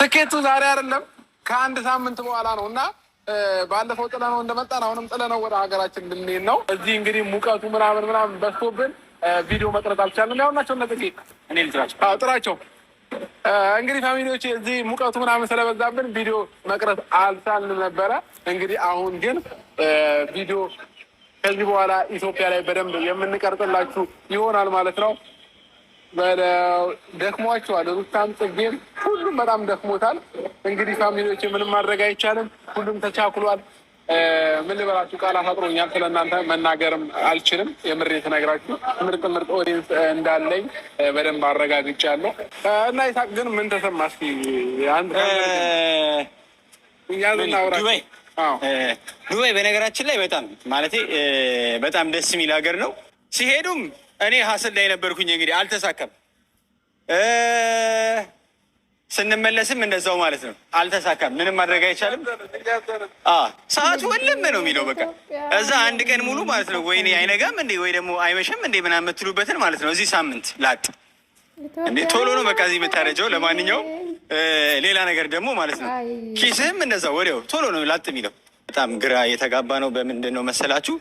ትኬቱ ዛሬ አይደለም ከአንድ ሳምንት በኋላ ነው እና ባለፈው ጥለ ነው እንደመጣን አሁንም ጥለ ነው ወደ ሀገራችን እንድንሄድ ነው። እዚህ እንግዲህ ሙቀቱ ምናምን ምናምን በዝቶብን ቪዲዮ መቅረጥ አልቻለም። ያው ናቸው እነ ጥራቸው እንግዲህ ፋሚሊዎች እዚህ ሙቀቱ ምናምን ስለበዛብን ቪዲዮ መቅረጽ አልቻልን ነበረ። እንግዲህ አሁን ግን ቪዲዮ ከዚህ በኋላ ኢትዮጵያ ላይ በደንብ የምንቀርጥላችሁ ይሆናል ማለት ነው። ደክሟቸዋል። ሩታም ጽጌም ሁሉም በጣም ደክሞታል። እንግዲህ ፋሚሊዎች ምንም ማድረግ አይቻልም። ሁሉም ተቻኩሏል። ምን ልበላችሁ፣ ቃል አፈጥሮኛል። ስለ እናንተ መናገርም አልችልም። የምሬት ነግራችሁ ምርጥ ምርጥ ኦዲንስ እንዳለኝ በደንብ አረጋግጫለሁ። እና ይሳቅ ግን ምን ተሰማ እስኪ ዱባይ። በነገራችን ላይ በጣም ማለት በጣም ደስ የሚል ሀገር ነው ሲሄዱም እኔ ሀስል ላይ ነበርኩኝ። እንግዲህ አልተሳካም። ስንመለስም እንደዛው ማለት ነው። አልተሳካም። ምንም ማድረግ አይቻልም። ሰዓቱ ወለመ ነው የሚለው በቃ እዛ አንድ ቀን ሙሉ ማለት ነው። ወይኔ አይነጋም እንዴ ወይ ደግሞ አይመሸም እንዴ ምናምን የምትሉበትን ማለት ነው። እዚህ ሳምንት ላጥ እንዴ ቶሎ ነው በቃ እዚህ የምታረጀው። ለማንኛውም ሌላ ነገር ደግሞ ማለት ነው ኪስህም እንደዛ ወዲያው ቶሎ ነው ላጥ የሚለው በጣም ግራ የተጋባ ነው። በምንድን ነው መሰላችሁ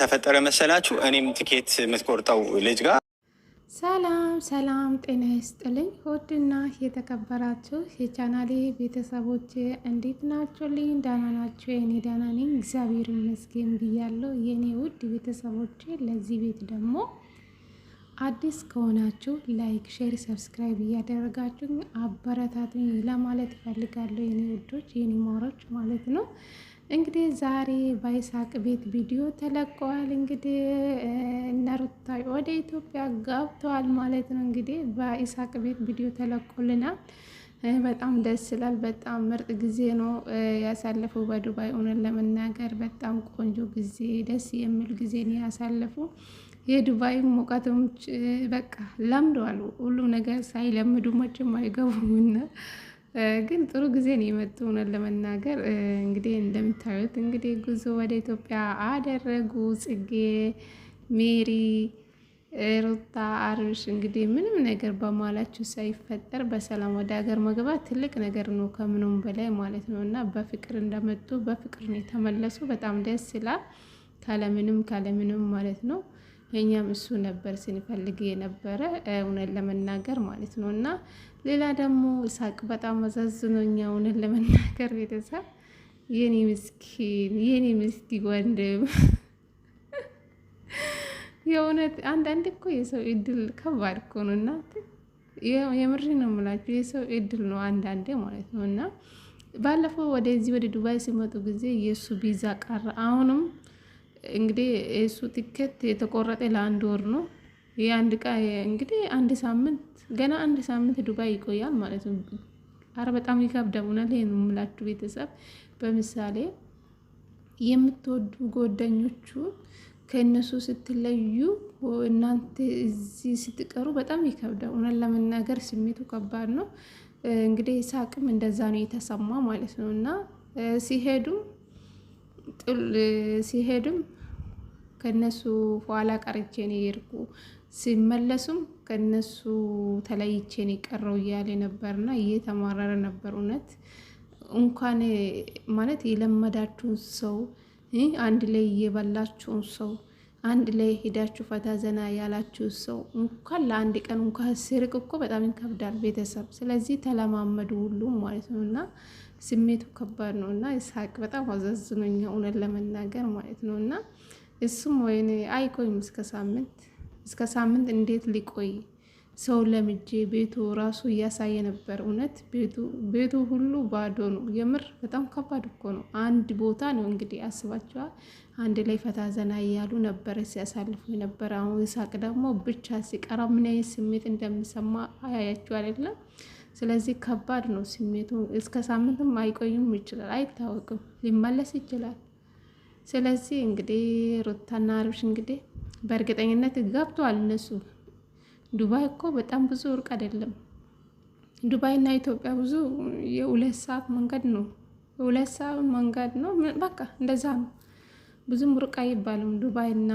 ተፈጠረ መሰላችሁ እኔም ትኬት የምትቆርጠው ልጅ ጋር ሰላም ሰላም፣ ጤና ይስጥልኝ። ውድና የተከበራችሁ የቻናሌ ቤተሰቦች እንዴት ናችሁልኝ? ደህና ናችሁ? የኔ ደህና ነኝ፣ እግዚአብሔር ይመስገን ብያለሁ። የኔ ውድ ቤተሰቦች ለዚህ ቤት ደግሞ አዲስ ከሆናችሁ ላይክ፣ ሼር፣ ሰብስክራይብ እያደረጋችሁ አበረታቱኝ ለማለት እፈልጋለሁ የኔ ውዶች የኔ ማሮች ማለት ነው። እንግዲህ ዛሬ በይሳቅ ቤት ቪዲዮ ተለቀዋል። እንግዲህ እነ ሩታ ወደ ኢትዮጵያ ገብተዋል ማለት ነው። እንግዲህ በይሳቅ ቤት ቪዲዮ ተለቆልናል። በጣም ደስ ይላል። በጣም ምርጥ ጊዜ ነው ያሳለፉ በዱባይ። እውነት ለመናገር በጣም ቆንጆ ጊዜ፣ ደስ የሚል ጊዜ ነው ያሳለፉ። የዱባይ ሙቀቶች በቃ ለምደዋል። ሁሉም ነገር ሳይለምዱ መቼም አይገቡምና ግን ጥሩ ጊዜ ነው የመጡ ሆነን ለመናገር እንግዲህ እንደምታዩት እንግዲህ ጉዞ ወደ ኢትዮጵያ አደረጉ ጽጌ፣ ሜሪ፣ ሩታ፣ አርሽ እንግዲህ ምንም ነገር በማላችሁ ሳይፈጠር በሰላም ወደ ሀገር መግባት ትልቅ ነገር ነው ከምኖም በላይ ማለት ነው እና በፍቅር እንደመጡ በፍቅር ነው የተመለሱ። በጣም ደስ ይላል። ካለምንም ካለምንም ማለት ነው እኛም እሱ ነበር ስንፈልግ የነበረ እውነን ለመናገር ማለት ነው። እና ሌላ ደግሞ ይሳቅ በጣም አሳዝኖኛ እውነን ለመናገር ቤተሰብ የኔ ምስኪን የኔ ምስኪ ወንድም የእውነት አንዳንድ እኮ የሰው እድል ከባድ እኮ ነው። እና የምር ነው የምላችሁ የሰው እድል ነው አንዳንዴ ማለት ነው። እና ባለፈው ወደዚህ ወደ ዱባይ ሲመጡ ጊዜ የእሱ ቢዛ ቀረ አሁንም እንግዲህ የእሱ ትኬት የተቆረጠ ለአንድ ወር ነው። ይህ አንድ ቃ እንግዲህ አንድ ሳምንት ገና አንድ ሳምንት ዱባይ ይቆያል ማለት ነው። አረ በጣም ይከብዳል። እውነት ይሄን የምላችሁ ቤተሰብ በምሳሌ የምትወዱ ጓደኞቹ ከእነሱ ስትለዩ እናንተ እዚህ ስትቀሩ በጣም ይከብዳል። እውነት ለመናገር ስሜቱ ከባድ ነው። እንግዲህ ሳቅም እንደዛ ነው የተሰማ ማለት ነው እና ሲሄዱም ሲሄዱም ከነሱ በኋላ ቀርቼ ነው የሄድኩ ሲመለሱም ከነሱ ተለይቼ ነው የቀረው እያለ ነበርና እየተማረረ ነበር። እውነት እንኳን ማለት የለመዳችሁን ሰው አንድ ላይ እየበላችሁን ሰው አንድ ላይ ሄዳችሁ ፈታ ዘና ያላችሁ ሰው እንኳን ለአንድ ቀን እንኳን ስርቅ እኮ በጣም ይከብዳል ቤተሰብ። ስለዚህ ተለማመዱ ሁሉም ማለት ነው እና ስሜቱ ከባድ ነው እና ይስሐቅ በጣም አዘዝኖኛ እውነት ለመናገር ማለት ነው እና እሱም ወይኔ አይቆይም። እስከ ሳምንት እስከ ሳምንት እንዴት ሊቆይ ሰው ለምጄ ቤቱ ራሱ እያሳየ ነበር። እውነት ቤቱ ሁሉ ባዶ ነው። የምር በጣም ከባድ እኮ ነው። አንድ ቦታ ነው እንግዲህ አስባቸዋል አንድ ላይ ፈታ ዘና እያሉ ነበረ ሲያሳልፉ ነበር። አሁን ሳቅ ደግሞ ብቻ ሲቀራ ምን አይነት ስሜት እንደሚሰማ አያያችሁ አይደለም? ስለዚህ ከባድ ነው ስሜቱ። እስከ ሳምንትም አይቆይም ይችላል፣ አይታወቅም፣ ሊመለስ ይችላል። ስለዚህ እንግዲህ ሩታና አብርሽ እንግዲህ በእርግጠኝነት ገብተዋል። እነሱ ዱባይ እኮ በጣም ብዙ ሩቅ አይደለም። ዱባይና ኢትዮጵያ ብዙ የሁለት ሰዓት መንገድ ነው፣ የሁለት ሰዓት መንገድ ነው። በቃ እንደዛ ነው። ብዙም ሩቅ አይባልም ዱባይና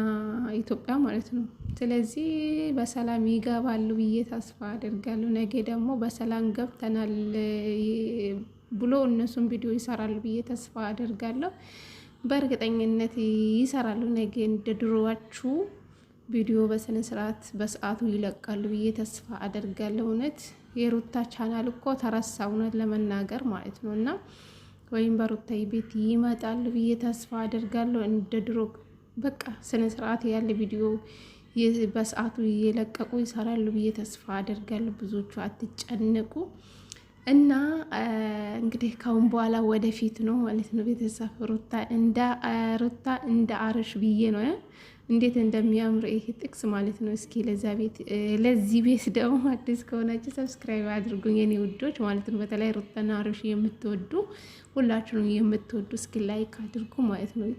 ኢትዮጵያ ማለት ነው። ስለዚህ በሰላም ይገባሉ ብዬ ተስፋ አደርጋለሁ። ነገ ደግሞ በሰላም ገብተናል ብሎ እነሱም ቪዲዮ ይሰራሉ ብዬ ተስፋ አደርጋለሁ። በእርግጠኝነት ይሰራሉ። ነገ እንደ ድሮዋችሁ ቪዲዮ በስነ ስርዓት በሰዓቱ ይለቃሉ ብዬ ተስፋ አደርጋለሁ። እውነት የሩታ ቻናል እኮ ተረሳ፣ እውነት ለመናገር ማለት ነው እና ወይም በሩታይ ቤት ይመጣሉ ብዬ ተስፋ አደርጋለሁ። እንደ ድሮ በቃ ስነ ስርዓት ያለ ቪዲዮ በሰዓቱ እየለቀቁ ይሰራሉ ብዬ ተስፋ አደርጋለሁ። ብዙዎቹ አትጨነቁ። እና እንግዲህ ካሁን በኋላ ወደፊት ነው ማለት ነው ቤተሰብ ሩታ እንደ ሩታ እንደ አርሽ ብዬ ነው እንዴት እንደሚያምር ይሄ ጥቅስ ማለት ነው። እስኪ ለዛ ቤት ለዚህ ቤት ደግሞ አዲስ ከሆናችሁ ሰብስክራይብ አድርጉኝ የኔ ውዶች ማለት ነው። በተለይ ሩታና አርሽ የምትወዱ ሁላችሁንም የምትወዱ እስኪ ላይክ አድርጉ ማለት ነው።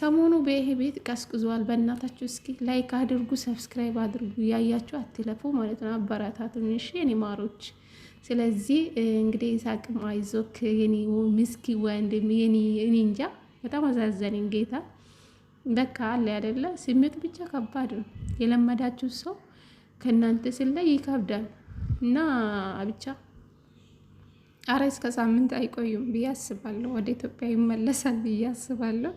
ሰሞኑ በይሄ ቤት ቀስቅዟል። በእናታችሁ እስኪ ላይክ አድርጉ፣ ሰብስክራይብ አድርጉ። ያያችሁ አትለፉ ማለት ነው። አበረታቱን እሺ የኔ ማሮች። ስለዚህ እንግዲህ ይሳቅም አይዞክ የኔ ምስኪ ወንድም የኔ እንጃ በጣም አዛዘነኝ ጌታ። በቃ አለ አይደለ ስሜቱ ብቻ ከባድ ነው። የለመዳችሁ ሰው ከእናንተ ስለይ ይከብዳል እና ብቻ አረ እስከ ሳምንት አይቆዩም ብዬ አስባለሁ። ወደ ኢትዮጵያ ይመለሳል ብዬ አስባለሁ።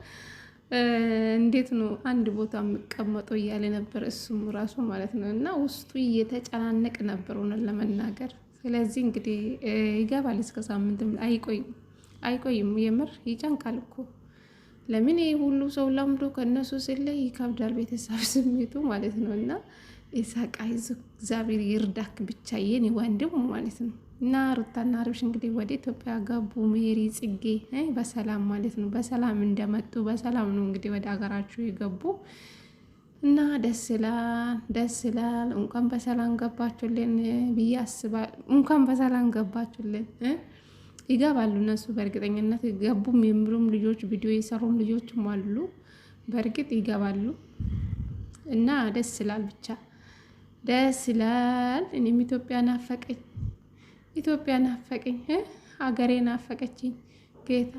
እንዴት ነው አንድ ቦታ የምቀመጠው እያለ ነበር እሱም ራሱ ማለት ነው። እና ውስጡ እየተጨናነቅ ነበር ሆነን ለመናገር ስለዚህ እንግዲህ ይገባል። እስከ ሳምንትም አይቆይም አይቆይም፣ የምር ይጨንቃል እኮ ለምን ይህ ሁሉ ሰው ለምዶ ከእነሱ ስለይ ይከብዳል፣ ቤተሰብ ስሜቱ ማለት ነው እና ኢሳቅ አይዞህ እግዚአብሔር ይርዳክ ብቻ የኔ ወንድም ማለት ነው። እና ሩታና አብርሽ እንግዲህ ወደ ኢትዮጵያ ገቡ። ሜሪ ጽጌ በሰላም ማለት ነው። በሰላም እንደመጡ በሰላም ነው እንግዲህ ወደ ሀገራችሁ የገቡ እና ደስ ይላል፣ ደስ ይላል። እንኳን በሰላም ገባችሁልን ብዬ አስባለሁ። እንኳን በሰላም ገባችሁልን። ይገባሉ እነሱ በእርግጠኝነት ገቡም የሚሉም ልጆች ቪዲዮ የሰሩም ልጆችም አሉ። በእርግጥ ይገባሉ እና ደስ ይላል ብቻ ደስ ይላል። እኔም ኢትዮጵያ ናፈቀኝ፣ ኢትዮጵያ ናፈቀኝ፣ ሀገሬ ናፈቀችኝ ጌታ